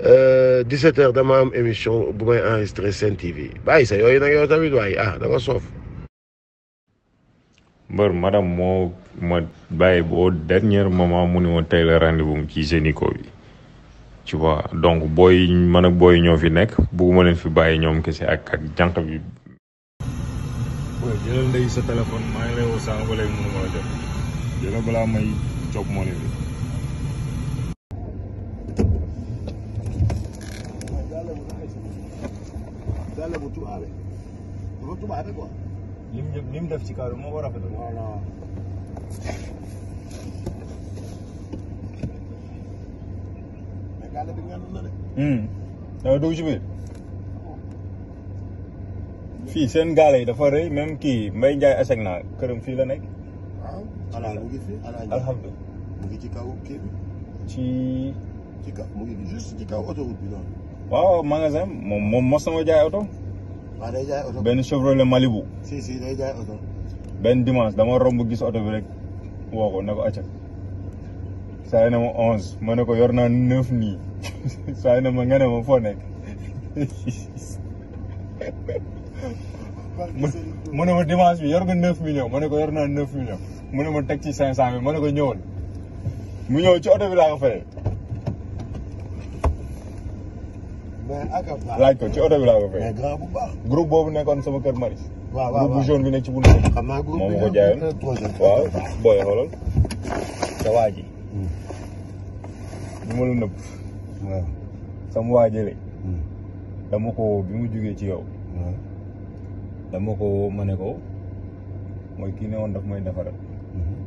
17 euh, heures dama am émission bu may enregistré Sen TV bàyyi sa yooyu nag yow tamit waaye ah da nga soof. mbër madame moo ma bàyyi boo dernier moment mu ne woon tey la rendez-vous mu ci Génico bi donc booy man ak booy ñoo fi nekk bugguma leen fi bàyyi ñoom kese ak ak jànq bi. booy sa téléphone maa ngi bi tubaab lim lim def ci kaw moo war a rafetlu. voilà. seen gaale yi dafa rëy même kii Mbaye Ndiaye asek naa këram fii la nekk. waaw mu ci kaw kii bi. ci. kaw mu ngi juste ci waaw magasin moom moom na ma jaay oto. waaw day jaay oto benn Chevrolet Malibu. benn dimanche dama romb gis oto bi rek woo ko ne saa yi ne ma onze ma ne ko yor naa neuf nii saa yi ne ma nga ma foo nekk mu ma dimanche bi yor nga neuf millions ma ko yor naa neuf millions mu ne ma teg ci cinq cent ma ne ko ñëwul mu ñëw ci oto bi laa ko fayee laaj ko ci oto bi laa ko fay. groupe boobu nekkoon sama kër Maris. waaw waaw groupe bu jaune bi nekk ci bunt bi. xam naa groupe bi ko jaayoon waaw booy xoolal. sa waa ji. ñu hmm. ma la nëbb. waaw sama hmm. dama ko bi mu jógee ci yow. dama ko ma ne ko mooy kii ne woon daf may defaral. Hmm.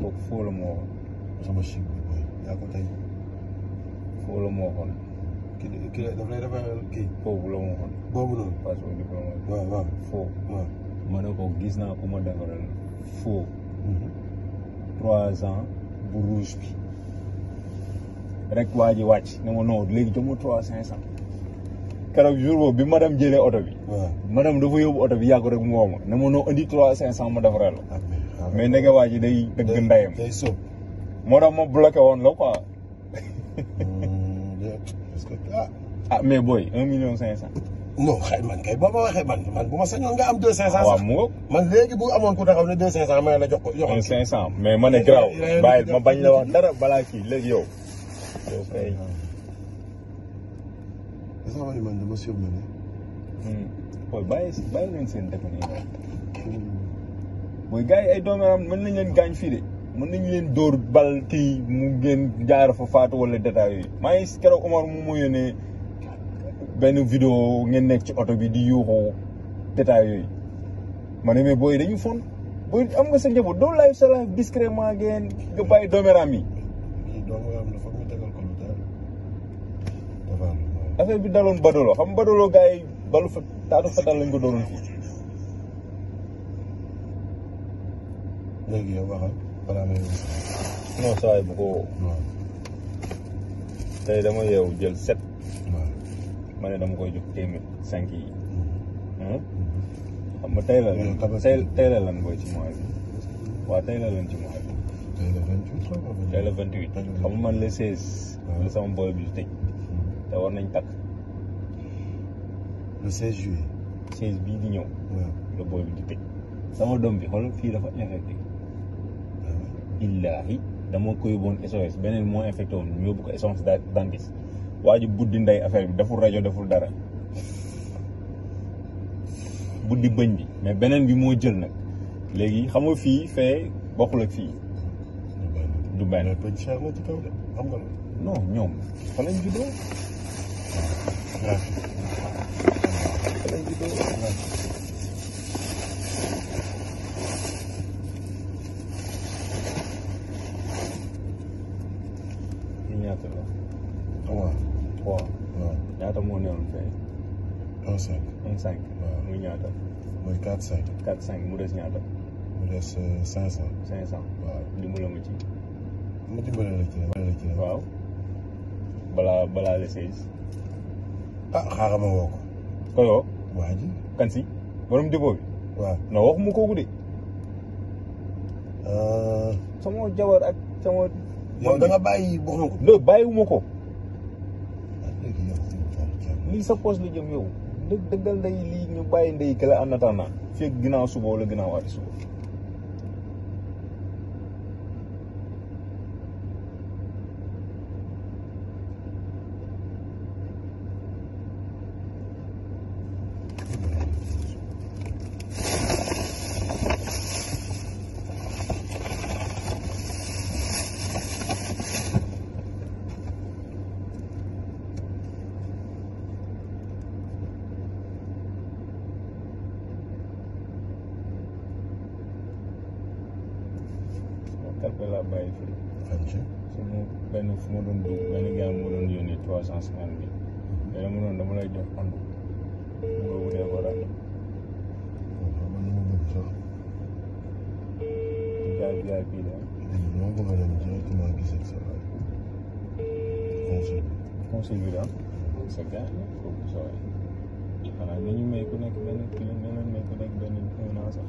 kooku foo la moo waxoon. ki ki daf lay kii. boobu la ma waxoon. boobu noonu. parce que ma ne ko gis naa ko ma defaral faux. Mhm. trois ans bu rouge bi rek waa ji wàcc ne ma non léegi jox ma trois cinq cent. keroog jour boobu bi madame jëlee oto bi. waaw madame dafa yóbbu oto bi yàggu rek mu woo ma ne ma noo indi trois cinq ma defaral la. mais ndege waa ji day day sóob moo tax ma bloqué woon la quoi. parce que ah. ah mais booy un million cinq man kay boo ma waxee man man bu ma sañoon nga am deux cinq cent. waaw mu man léegi bu amoon ku taxaw ne deux cinq cent ma la jox ko jox ko. cinq ma ne garaaw bàyyi ma bañ la wax dara balaa kii léegi yow. yow kay. dafa amoon hmm. seen dëkk nii. booy gars yi ay doom mën nañ leen gaañ fii de. mën nañu leen door bal ti mu ngeen jaar fa faatu wala détails yi maa ngi Omar mu mu yónnee benn vidéo ngeen nekk ci oto bi di yuuxu détails yooyu ma ne mais booy dañu fon booy am nga sa njaboot doo live sa live discrètement ngeen nga bàyyi domeram yi affaire bi daloon badolo xam badolo gars yi balu fa taatu fatal lañ ko doon fii léegi yow waxal Banan no sai buko. Tay dama yow jël set. Ma ne mà koy jóg téeméer cinq yi. xam nga tey la lan tey la lan booy ci mois bi. waaw tey la lan ci mois bi. tey la vingt huit tey la vingt mà lấy nga man le seize. la sama tao bi di tëj. te war nañ takk. le seize juillet. seize bii di ñëw. la booy bi di tëj. sama doom bi xool fii dafa infecté. billahi dama ko yóbboon SOS beneen moo infecté woon yóbbu ko essence dentiste waa ji buddi ndey affaire bi deful rajo deful dara buddi bëñ bi mais beneen bi moo jël nag léegi xam nga fii fee bokkul ak fii. du benn xam nga non juddoo un cinq. un cinq waaw muy ñaata. muy quatre cinq. mu des ñaata. mu des cinq cent. cinq cent waaw dimbala ma ci. ma dimbala la ci la waaw. balaa balaa le seize. ah xaaral ma woo ko. koyoo. waa ji. kan si bi. waaw non waxuma kooku de. sama jabar ak sama. yow da bàyyi boo xam ko. non sa poche la jëm yow. dë dëggal ndey lii ñu bàyyi ndey kële en attendant fii ak ginnaaw suba wala ginnaaw waati suba. da laa bàyyi fii. mu benn fu ma doon dugg benn gars ma doon yónnee trois cent cinquante mille. mais dama doon dama lay jox andu. mu nga wutee ko rànd. jaay jaay bii daal. non non non directement gisee sa conseil bi. conseil bi daal. sa gars la foofu sa waay. xanaa dañu may ku nekk benn kii la nekk benn un an sax.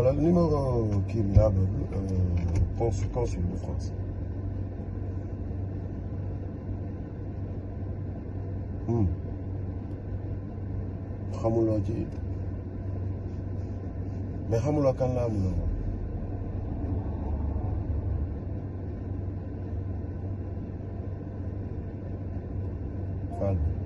Voilà le numéro qui est là, consul, consul de France. Hum. ci mais xamuloo là, laa amuloo moom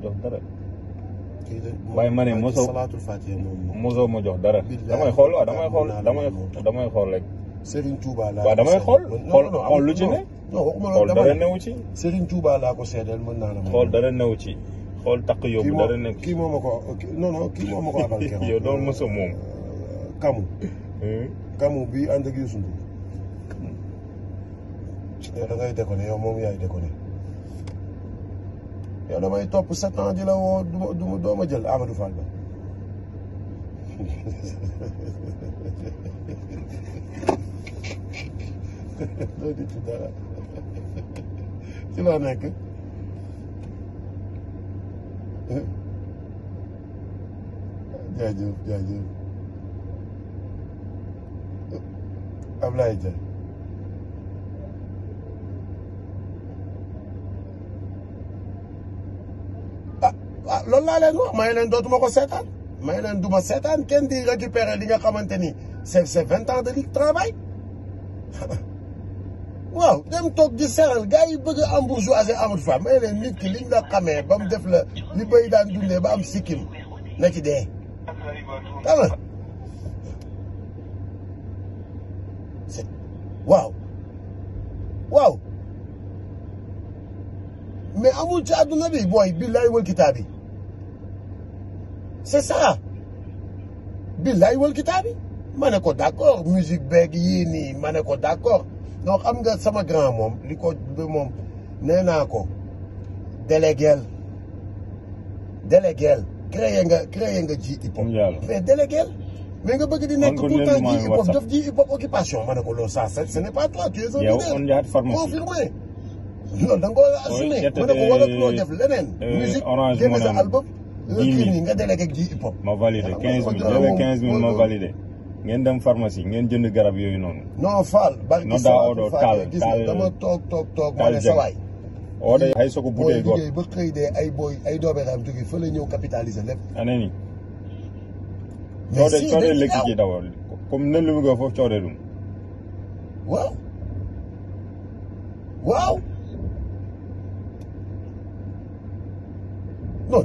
ma jox dara. waaye ma ne moso salaatul faatiha moom mosoo ma jox dara. damay xool waaw damay xool damay xool rek. Serigne Touba damay xool xool lu ci ne. xool dara newu ci. Serigne Touba laa ko seedeel mën naa la. xool dara ci. xool takk yóbbu dara nekk kii ko non non kii moo ma ko abal keroog. yow doo mos a moom. Kamu. Hmm? Kamu bii ànd ak moom yaay déconné. yow damay topp sept ans di la woo du ma doo ma jël Amadou Fall ba doo di dara ci laa nekk jaajëf jaajëf Ablaye Dia loolu laa leen wax may leen dootuma ko seetaan may leen duma seetaan kenn di récupérer li nga xamante ni c'est c'est vingt ans de ligue travail waaw dem toog di seral gars yi bëgg a embourgeoiser amul fa may leen nit ki liñ la xamee ba mu def la li bay daan dundee ba am sikkim na ci dee tama waaw waaw mais amul ci àdduna bi booy billaay wal kitaab bi Se sa Bil la yowel kita bi Mane ko d'akor Muzik beg yi ni Mane ko d'akor Donk amge sa ma gran mom Liko be mom Nenanko Delegel Delegel Kre yenge di hip hop Mene delegel Mene beke di nek koutan di hip hop Jof di hip hop okipasyon Mane ko lo euh, sa Se ne pa to Kon firme Non donk asime Mene ko wadak nou jav lenen Muzik genye zi albop dix mille nga délégué ak ji hip hop ma validé ma validé ngeen dem pharmacie ngeen jënd garab yooyu noonu non faal barki daa odoo taal dama toog toog toog ma ne sawaay oo de hay soko butee goor ba xëy dee ay booy la ñëw capitaliser lépp ane ni coode coode lekki ci dawa comme nellumu nga foofu coode dum waaw waaw non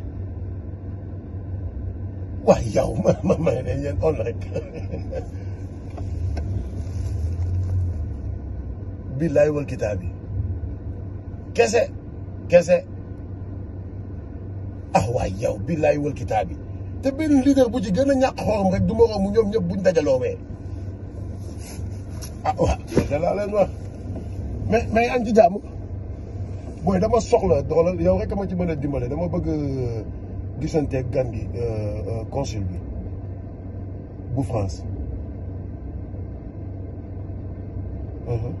哇！又乜乜乜你人安嚟？billahi ya wal kitabi kese kese ah waay bila ibu kita kitabi te benn leader bu ci gën a ñàkk xorom rek du moroom mu ñoom ñëpp buñ dajaloowee ah waaw loolu de laa leen wax mais mais yaa ngi ci jàmm booy dama rek ma ci mën a dimbale dama bëgg gisanteeg gan gi euh, euh, consul bi bu France uh-huh.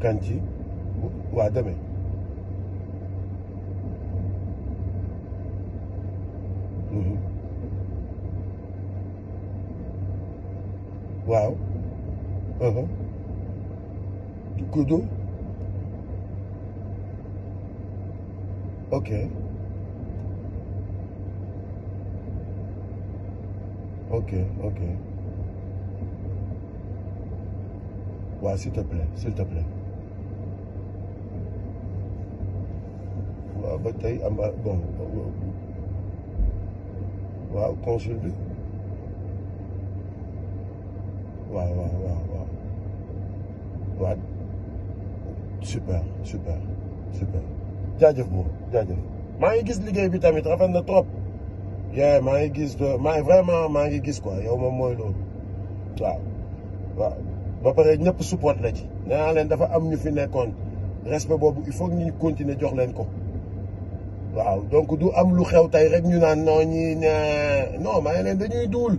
kan ci waa demee uh-huh. waaw uh-huh. kudo Ok. Ok, ok. Ouais, s'il te plaît, s'il te plaît. Ouais, bataille, ah, bah, bon waaw euh, consulte. Ouais, ouais, ouais, ouais, ouais. super super super jaajëf bu jaajëf maa ngi gis liggéey bi tamit rafet na trop yeah ma ngi gis de ma vraiment ma ngi gis quoi yow mom moy lool waaw waaw ba pare ñëpp support la ci nee naa dafa am ñu fi nekkoon respect bobu il faut ñu continuer jox leen ko waaw donc du am lu xew tay rek ñu naan non ñi non ma ngi leen dañuy doul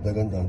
dëggantaan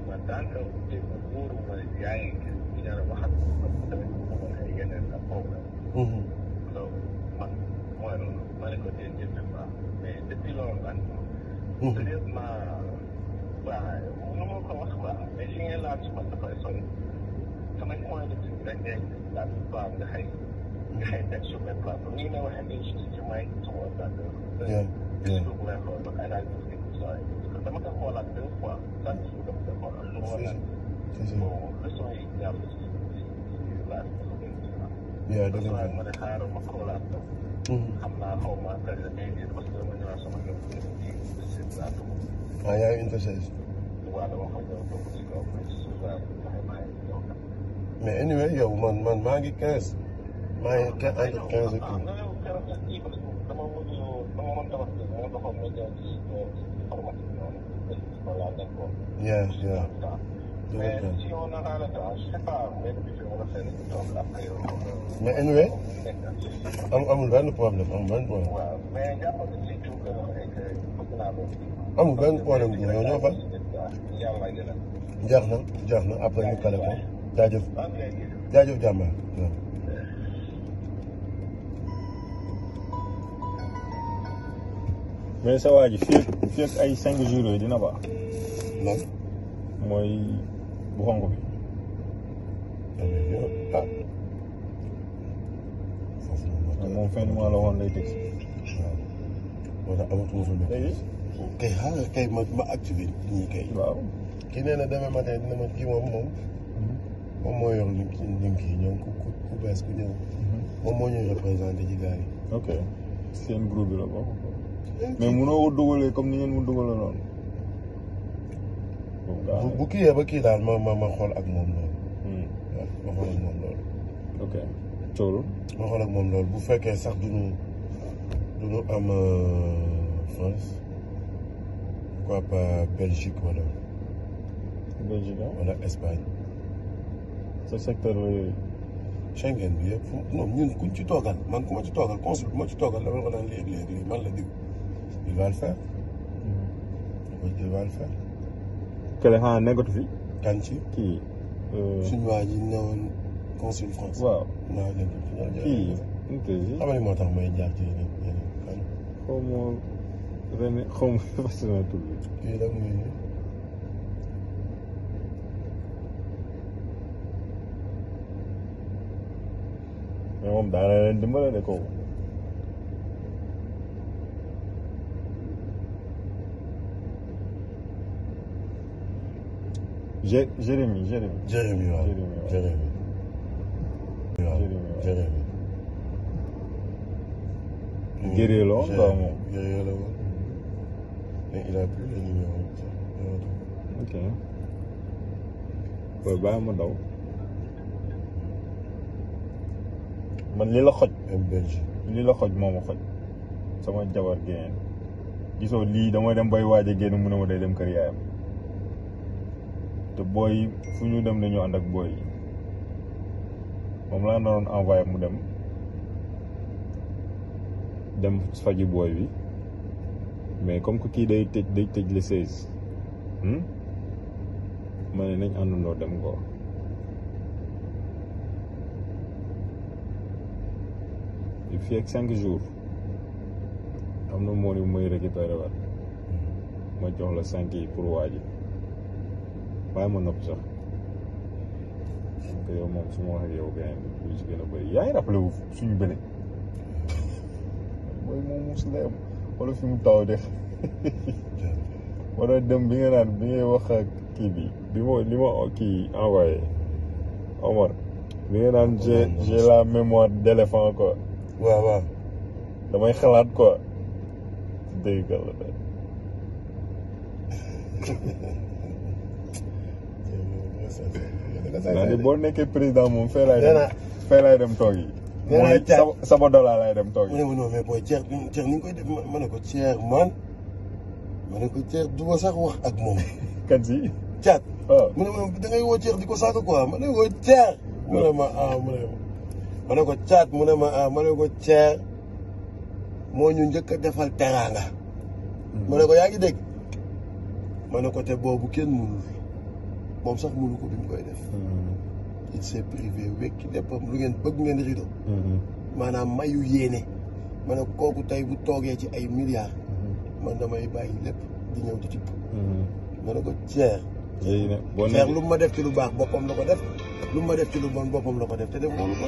comandando de futuro humanidad en que mira la baja como la llegan en la pobre. Lo bueno, mal que tiene que ser más. Me despilo en banco. Entonces más ba uno mo ko wax ba mais li ngeen laaj ma dafa sori sama point de vue rek ngay laaj ba nga xëy nga xëy teg sur le plan ni ma waxee nii si ci may sama dàgg. Yeah. Yeah. Dama ko xoolaat deux fois, ça, je vous le si si yaa dëgg la ah yaa mais anyway yow man man maa ngi quinze. maa ngi entre quinze et never Yes, yeah. anyway, amul benn problème, amul benn problème. Waaw, mais jàppal ci tout que bëgg naa ko. Amul benn problème mais sa waa ji fii ay cinq jours yooyu dina baax. lan. mooy bu xonq bi. moom fin du mois la woon day teg si. moom mhm. moom. moo yor li ñu ngi kii ñoom ku ku bees ku ñëw. Mhm. moom moo ñuy représenté ci gars yi. ok seen groupe bi la bokk. mais mënoo ko dugalee comme ni ngeen mu dugalee noonu. bu bu kii ba kii daal ma ma ma xool ak moom loolu. Hmm. ma xool ak moom loolu. ok toolu. ma xool ak moom loolu bu fekkee sax du ñu du ñu am euh, France pourquoi pas Belgique wala. Belgique Espagne. sa secteur bi yëpp moom ñun kuñ ci toogal man ku ma ci toogal consul bu ma ci toogal dama ko naan léegi léegi man la déglu. il va le faire. il va fi. kan ci kii. suñu ji ne woon consul France. waaw naa nekkul fi ñoom kii. xam nga moo tax may jaar ci yeneen yeneen kan. xaw ma René xaw ma fas naa tur bi. kii la muy. mais moom daanaka leen J Jérémy Jérémy. Jérémy waaw Jérémy. waaw Jérémy. guerrier la woon quoi moom. guerrier la woon. mais il a plus le numéro. ok. booy bàyyi ma daw. man li la xoj. li la xoj moo ma xoj. sama jabar génn. gisoo lii damay dem bay waaj a génn mu ne ma day dem kër yaayam. te booy yi fu ñu dem dañoo ànd ak booy yi moom laa naroon envoyé mu dem dem faji booy bi mais comme que kii day tëj day tëj le seize hmm? ma ne nañ àndandoo dem ko fii ak cinq jours am na moon yu muy récupéré waat ma jox la cinq yi pour waaji bàyyi ma nopp sax te yow moom su ma waxee yaa ngi rappelé wu suñu beneen mooy moom mos la am wala fi mu taw de wala dem bi nga naan bi ngay wax ak kii bi bi ma li ma kii envoyé Omar bi nga naan j'ai j'ai la mémoire d'éléphant ko waaw waaw. damay xalaat quoi dégg nga la. c'est-à-dire boo nekkee président moom fee laay dem fee laay dem toog yi. mooy sama dollar laay dem toog yi. mu ne ma non mais booy Thierre Thierre ni ñu koy def ma ne ko Thierre man ma ne ko Thierre du ma sax wax ak moom. kat si. Thiat waaw oh. mu ne ma da ngay woo Thierre di ko saaga quoi ma ne ko Thierre. mu ne ma ah mu ne ma. ma ne ko Thiat mu ne ma ah ma ne ko Thierre moo ñu njëkk a defal teraanga. Hmm. ma ne ko yaa ngi dégg ma ne ko te boobu kenn mënul. moom sax mënu ko duñ koy def mm-hmm. il s'est privé wékki léppam lu ngeen bëgg ngeen rido mm-hmm. maanaam mayu yéene ma ne kooku tey bu toogee ci ay ma mm-hmm. man damay bàyyi lépp di ñëw di tibb ma na ko ceer ceer lu ma def ci lu baax boppam la ko def lu ma def ci lu bon boppam la ko def te def moolu ko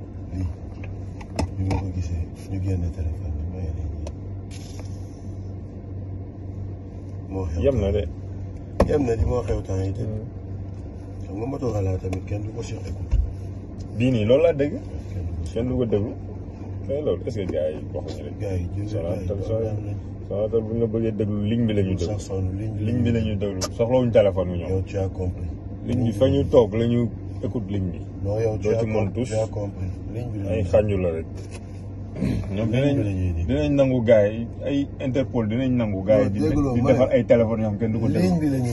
bi ngeen ko gisee ñu génne téléphone bi maye leen ñi moo xew yem na de yem na di moo xew temps yi tamit xam nga moto xalaat tamit kenn du ko si écoute bii nii loolu laa dégg kenn du ko déglu mais loolu est-ce que gars yi waxuñu rek gars yi Sonatel Sonatel bu ñu la bëggee déglu ligne bi la ñu déglu ligne bi la ñu déglu soxlawuñu téléphone bi ñoom ligne bi fa ñu toog la ñu écoute ligne bi. non yow doo ci mën tous ay xànju la rek. ñoom dinañ dinañ nangu gars ay Interpol dinañ nangu gars di defar ay téléphones yoo kenn du ko bi déglu.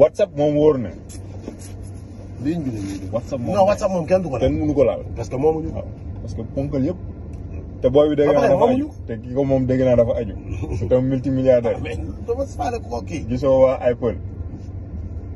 WhatsApp moom wóor na. ligne bi la déglu WhatsApp moom non WhatsApp moom kenn du ko kenn mënu ko laal. parce que moomuñu ko parce que ponkal yëpp. te booy bi dégg naa te ki ko dégg naa dafa aju. su tam multimilliardaire. Ah, mais gisoo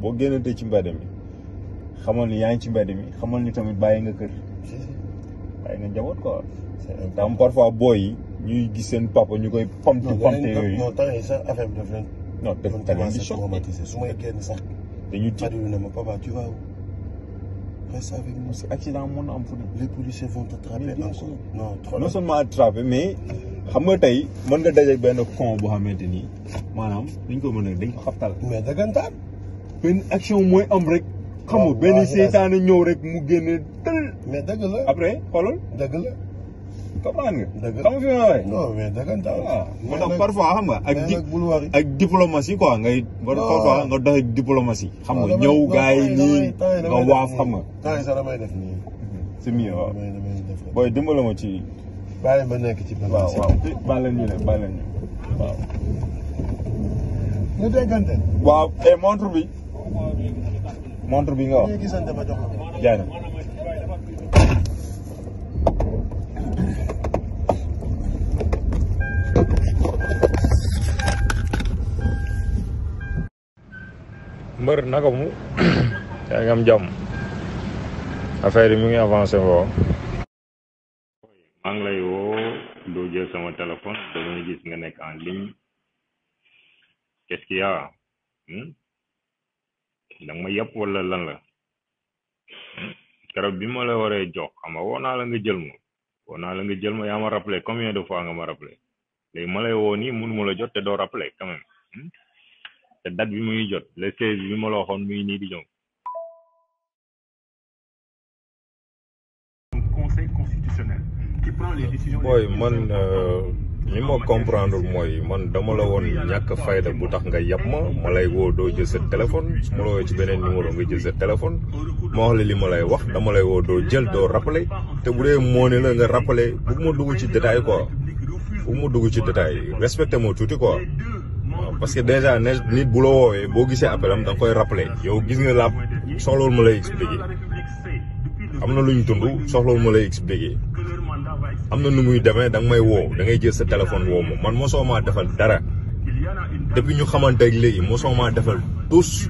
bo gënënté ci mbedd xamal ni yaa ngi ci mbedd xamal ni tamit bàyyi nga kër bàyyi nga njaboot un tam parfois boy ñuy gis sen papa ñukoy pompi. pamte yooyu non affaire bi non, non traumatisé sax dañu na ma papa tu vas reste avec nous C'est accident les policiers vont t'attraper encore non trop non seulement attraper mais xam nga tey mën nga daje benn con boo xamante nii maanaam dañ ko mën dañ ko mais benn action mooy am rek. xam nga benn seytaane ñëw rek mu génne tël. mais dëgg la après xoolal. dëgg la. comprendre nga. xam nga fi ah, moo tax parfois xam nga ak. ak diplomatie quoi ngay. waaw parfois nga dox ak diplomatie. xam nga ñëw gars yi nii nga waaf xam nga. temps sax waaw. booy dimbala ci. nekk ci benn. waaw waaw eh, bàyyi leen ñu ne waaw. ñu montre bi. montre bi nga wax jaay mbër naka mu yaa ngi am jàmm affaire yi mu ngi avancé woo maa ngi lay sama téléphone nekk danga ma yàpp wala lan la garab bi ma la waree jox xam nga naa la nga jël ma woo naa la nga jël ma yaa ma rappelé combien de fois nga ma rappelé léegi ma lay woo nii mënu ma la jot te doo rappelé quand même hmm? te date bi muy jot le seize bi ma la waxoon muy nii di ñëw. conseil man. li ma comprendre mooy man dama la woon ñàkk fayda bu tax nga yab ma ma lay woo doo jël sa téléphone su ma la woo ci nga jël sa téléphone ma wax la li ma lay wax dama lay woo doo jël doo rappelé te bu dee moo ne la nga rappelé bëgg ma dugg ci détail quoi bëgg ma dugg ci détail respecté ma tuuti quoi parce que déjà ne nit bu la woowee boo gisee appelam da nga koy rappelé yow gis nga la soxloolu ma lay expliqué am na lu ñu dund soxloolu ma lay expliqué am na nu muy demee da nga may woo dangay jël sa téléphone woo ma man mosoo maa defal dara depuis ñu xamante ak léegi mosoo maa defal tous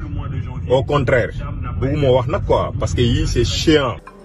au contraire bëgguma wax na quoi parce que yii c'est chiant.